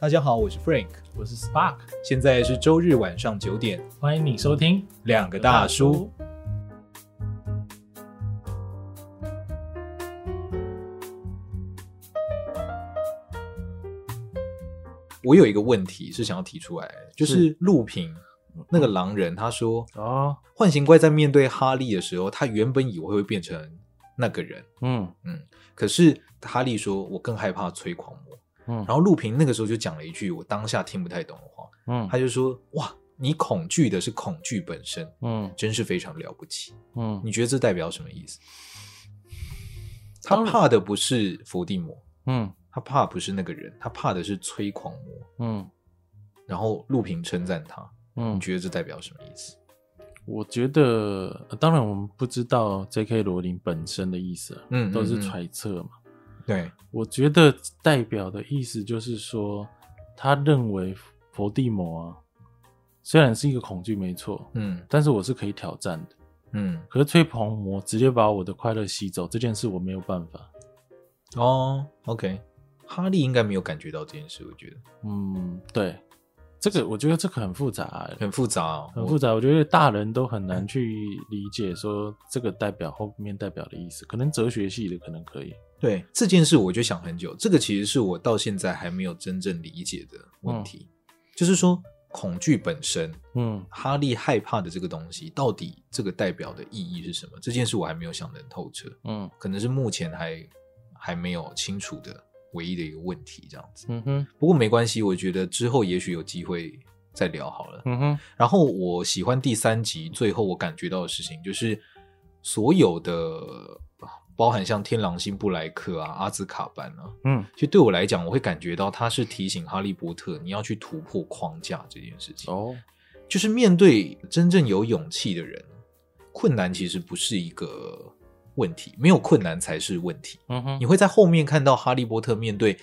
大家好，我是 Frank，我是 Spark，、嗯、現在是週日晚上九點，歡迎你收聽、嗯、兩個大叔。大叔，我有一個問題是想要提出來的，就是路平是那個狼人，他說哦，幻形怪，在面對哈利的時候，他原本以為會，會變成那個人，嗯嗯，可是哈利說，我更害怕催狂魔。嗯、然後路平那個時候就講了一句我當下聽不太懂的話，嗯，他就說哇，你恐懼的是恐懼本身，嗯，真是非常了不起，嗯，你覺得這代表什麼意思？當他怕的不是佛地魔，嗯，他怕不是那個人，他怕的是催狂魔，嗯。然後路平稱讚他，嗯，你覺得這代表什麼意思？我覺得，當然我們不知道 J.K. 羅琳本身的意思，嗯，都是揣測嘛。嗯嗯嗯對，我覺得代表的意思就是說，他認為伏地魔啊，雖然是一個恐懼，沒錯，嗯，但是我是可以挑戰的，嗯。可是催狂魔直接把我的快樂吸走這件事，我沒有辦法。哦，OK，哈利應該沒有感覺到這件事，我覺得。嗯，對，這個我覺得這個很複雜，很複雜，哦、很複雜，很複雜。我覺得大人都很難去理解，說這個代表、嗯、後面代表的意思，可能哲學系的可能可以。對這件事，我就想很久。這個其實是我到現在還沒有真正理解的問題，嗯、就是說恐懼本身，嗯，哈利害怕的這個東西，到底這個代表的意義是什麼？這件事我還沒有想得很透徹，嗯，可能是目前還還沒有清楚的唯一的一個問題，這樣子。嗯哼，不過沒關係，我覺得之後也許有機會再聊好了。嗯哼，然後我喜歡第三集最後我感覺到的事情，就是所有的。包含像天狼星布萊克啊、阿茲卡班啊，嗯，其實對我來講，我會感覺到他是提醒哈利波特，你要去突破框架這件事情。哦，就是面對真正有勇氣的人，困難其實不是一個問題，沒有困難才是問題。嗯哼，你會在後面看到哈利波特面對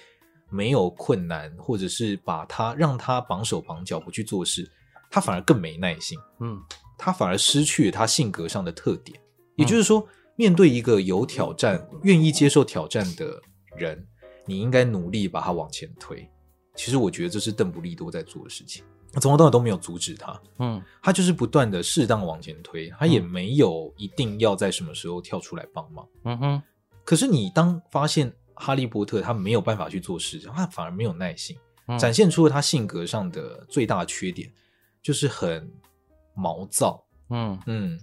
沒有困難，或者是把他讓他綁手綁腳不去做事，他反而更沒耐心。嗯，他反而失去了他性格上的特點。嗯，也就是說。面對一個有挑戰、願意接受挑戰的人，你應該努力把他往前推。其實我覺得這是鄧布利多在做的事情，他從頭到尾都沒有阻止他。嗯，他就是不斷的適當往前推，他也沒有一定要在什麼時候跳出來幫忙。嗯哼。可是你當發現哈利波特他沒有辦法去做事情，他反而沒有耐心，嗯、展現出了他性格上的最大的缺點，就是很毛躁。嗯嗯，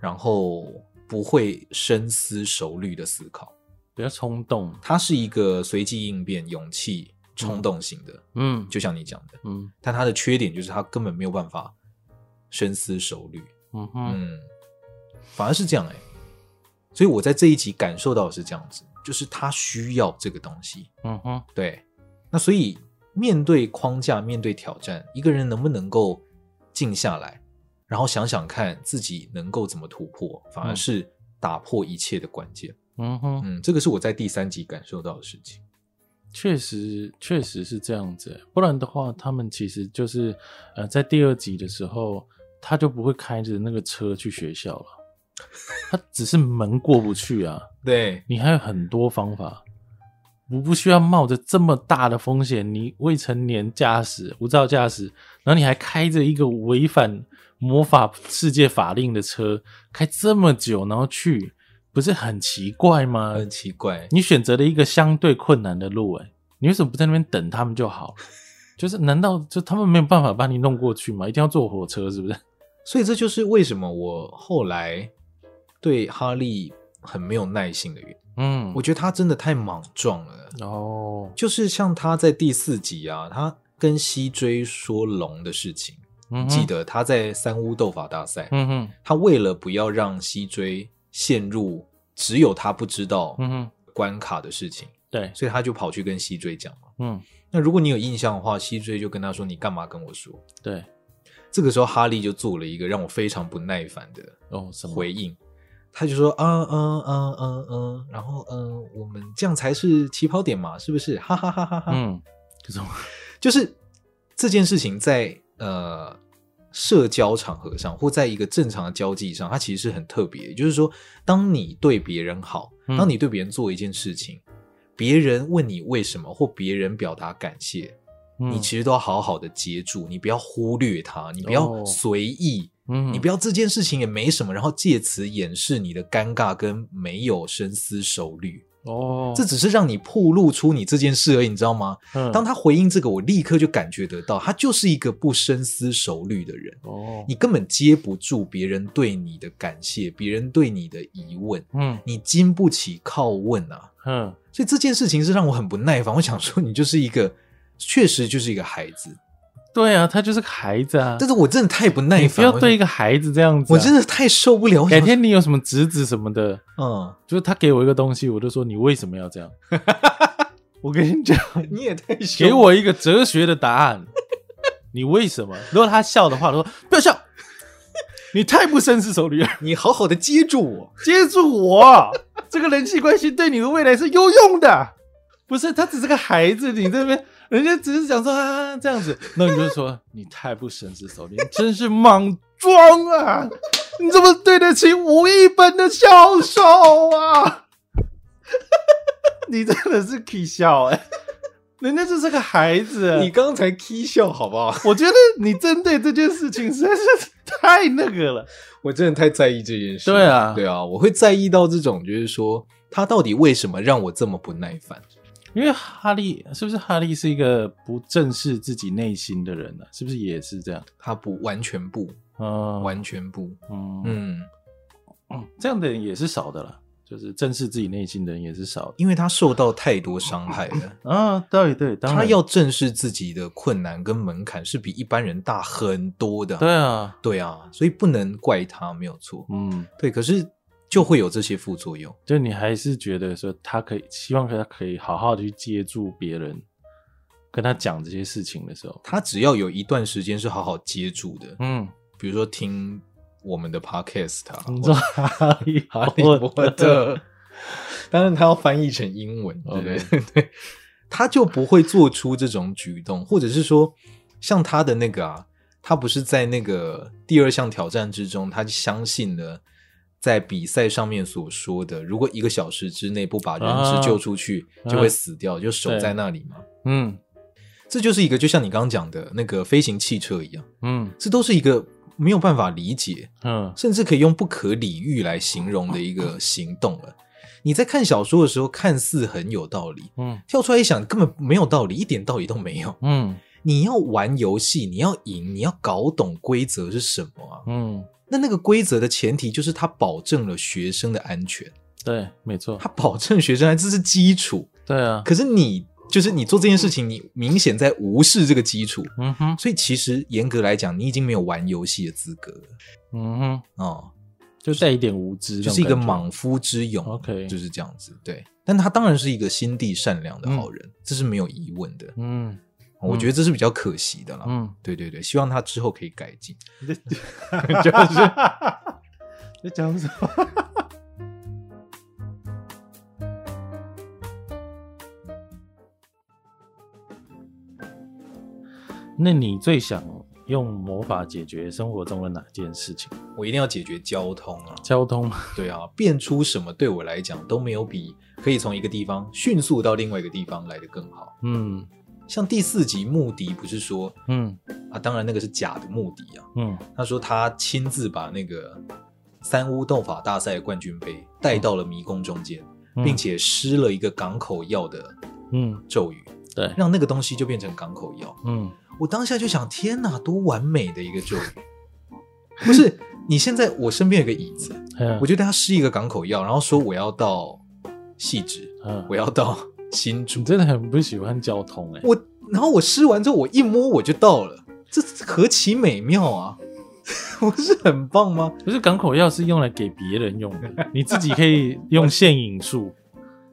然後。不會深思熟慮的思考，比較衝動。他是一個隨機應變、勇氣、衝動型的，嗯，就像你講的，嗯。但他的缺點就是他根本沒有辦法深思熟慮，嗯哼嗯，反而是這樣哎、欸。所以我在這一集感受到的是這樣子，就是他需要這個東西，嗯哼，對。那所以面對框架、面對挑戰，一個人能不能夠靜下來？然後想想看自己能夠怎麼突破，反而是打破一切的關鍵。嗯哼，嗯，這個是我在第三集感受到的事情。確實，確實是這樣子。不然的話，他們其實就是，呃，在第二集的時候，他就不會開着那個車去學校了。他只是門過不去啊。 對。你還有很多方法。我不需要冒着這麼大的風險，你未成年駕駛、無照駕駛，然後你還開着一個違反魔法世界法令的車，開這麼久然後去，不是很奇怪嗎？很奇怪。你選擇了一個相對困難的路誒、欸，你為什麼不在那邊等他們就好？ 就是難道就他們沒有辦法把你弄過去嗎？一定要坐火車是不是？所以這就是為什麼我後來對哈利很沒有耐心的原因。嗯，我覺得他真的太莽撞了。哦，就是像他在第四集啊，他跟西追說龍的事情。記得他在三巫鬥法大賽，嗯哼，他為了不要讓西追陷入只有他不知道關卡的事情，對，所以他就跑去跟西追講嘛。嗯，那如果你有印象的話，西追就跟他說：“你幹嘛跟我說？”對，這個時候哈利就做了一個讓我非常不耐煩的哦回應。他就說，嗯嗯嗯嗯嗯，然後嗯、啊，我們這樣才是起跑點嘛，是不是？哈哈哈哈哈。嗯，這種就是、就是、這件事情在呃社交場合上，或在一個正常的交際上，它其實是很特別的。就是說，當你對別人好，當你對別人做一件事情，嗯、別人問你為什麼，或別人表達感謝，嗯、你其實都要好好的接住，你不要忽略它，你不要隨意、哦。嗯，你不要這件事情也沒什麼，然後借此掩飾你的尷尬跟沒有深思熟慮哦。這只是讓你曝露出你這件事而已，你知道嗎？嗯。當他回應這個，我立刻就感覺得到，他就是一個不深思熟慮的人哦。你根本接不住別人對你的感謝，別人對你的疑問，嗯，你經不起拷問啊，嗯。所以這件事情是讓我很不耐煩。我想說，你就是一個，確實就是一個孩子。對啊，他就是個孩子啊！但是我真的太不耐煩，你不要對一個孩子這樣子、啊。我真的太受不了。改天你有什麼侄子什麼的，嗯，就是他給我一個東西，我就說，你為什麼要這樣？ 我跟你講，你也太……給我一個哲學的答案， 你為什麼？ 如果他笑的話我就說：“不要笑， 你太不紳士手女了，你好好的接住我，接住我， 這個人際關係對你的未來是有用的。不是，他只是個孩子，你這邊。” 人家只是想說啊，這樣子，那你就說 你太不深之手，深思熟慮 你真是莽撞啊！ 你怎麼對得起五億本的銷售啊？ 你真的是 k 笑哎、欸，人家只是個孩子、啊。你剛才 k 笑好不好？ 我覺得你針對這件事情實在是太那個了， 我真的太在意這件事。對啊，對啊，我會在意到這種，就是說他到底為什麼讓我這麼不耐煩。因為哈利是不是，哈利是一個不正視自己內心的人呢、啊？是不是也是這樣？他不完全不，嗯，完全不，嗯，嗯，這樣的人也是少的啦。就是正視自己內心的人也是少，因為他受到太多傷害了咳咳咳咳啊！對對，他要正視自己的困難跟門檻是比一般人大很多的。對啊，對啊，所以不能怪他，沒有錯。嗯，對，可是。就會有這些副作用。就你還是覺得說他可以，希望他可以好好的去接觸別人，跟他講這些事情的時候，他只要有一段時間是好好接觸的，嗯，比如說聽我們的 Podcast，、啊、你說哈利、哈利波特，但是他要翻譯成英文，對對對，Okay. 他就不會做出這種舉動，或者是說像他的那個啊，他不是在那個第二項挑戰之中，他相信的。在比賽上面所說的，如果一個小時之內不把人質救出去，啊、就會死掉，啊、就守在那裡嘛。嗯，這就是一個就像你剛剛講的那個飛行汽車一樣，嗯，這都是一個沒有辦法理解，嗯，甚至可以用不可理喻來形容的一個行動了、啊。你在看小說的時候看似很有道理，嗯，跳出來一想根本沒有道理，一點道理都沒有，嗯。你要玩遊戲，你要贏，你要搞懂規則是什麼啊？嗯，那那個規則的前提就是他保證了學生的安全。對，沒錯，他保證學生安全是基礎。對啊，可是你就是你做這件事情，你明顯在無視這個基礎。嗯哼，所以其實嚴格來講，你已經沒有玩遊戲的資格了。嗯哼，哦，就帶一點無知，就是一個莽夫之勇。OK，就是這樣子。對，但他當然是一個心地善良的好人，嗯、這是沒有疑問的。嗯。我覺得這是比較可惜的了。嗯，對對對，希望他之後可以改進。這講什麼？ 就是、 那你最想用魔法解決生活中的哪件事情？我一定要解決交通啊！交通，對啊，變出什麼對我來講都沒有比可以從一個地方迅速到另外一個地方來得更好。嗯。像第四集，穆迪不是說，嗯，啊，當然那個是假的穆迪啊。嗯，他說他親自把那個三巫鬥法大賽冠軍杯帶到了迷宮中間，嗯、並且施了一個港口鑰的嗯，嗯，咒語，對，讓那個東西就變成港口鑰，嗯，我當下就想，天哪，多完美的一個咒語！ 不是，你現在我身邊有個椅子， 我就對他施一個港口鑰，然後說我要到汐止，嗯，我要到。清楚，真的很不喜歡交通哎、欸。我，然後我試完之後，我一摸我就到了，這何其美妙啊！ 不是很棒嗎？不是港口鑰是用來給別人用，的， 你自己可以用現影術。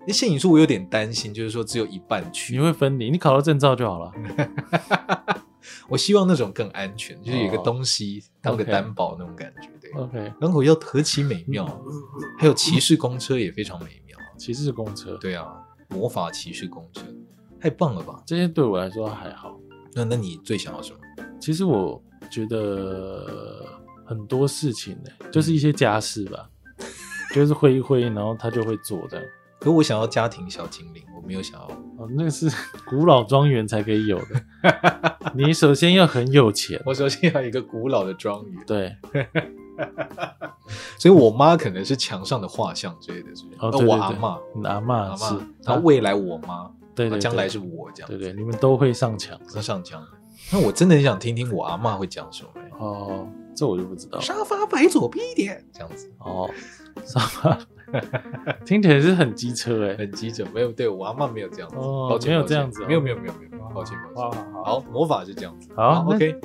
現影術我有點擔心，就是說只有一半去，你會分離。你考到證照就好了。 我希望那種更安全，就是有一個東西當個擔保、oh, okay. 那種感覺。對，Okay. 港口鑰何其美妙，還有騎士公車也非常美妙。騎士公車，對啊。魔法騎士公車，太棒了吧！這些對我來說還好。那、嗯、那你最想要什麼？其實我覺得很多事情呢、欸，就是一些家事吧，嗯、就是揮一揮，然後他就會做這樣。可我想要家庭小精靈，我沒有想要。哦，那是古老莊園才可以有的。 你首先要很有錢。我首先要一個古老的莊園。對。 所以我媽可能是牆上的畫像之類的，是不是？哦，我阿媽，你阿媽是，她未來我媽，她將來是我這樣。對對，你們都會上牆，她上牆。那我真的很想聽聽我阿媽會講什麼哦，這我就不知道。沙發擺左邊一點，這樣子。哦，沙發，聽起來是很機車哎，很機車。沒有，對我阿媽沒有這樣子，沒有這樣子，沒有沒有沒有沒有，抱歉抱歉。好，魔法是這樣子。好，OK。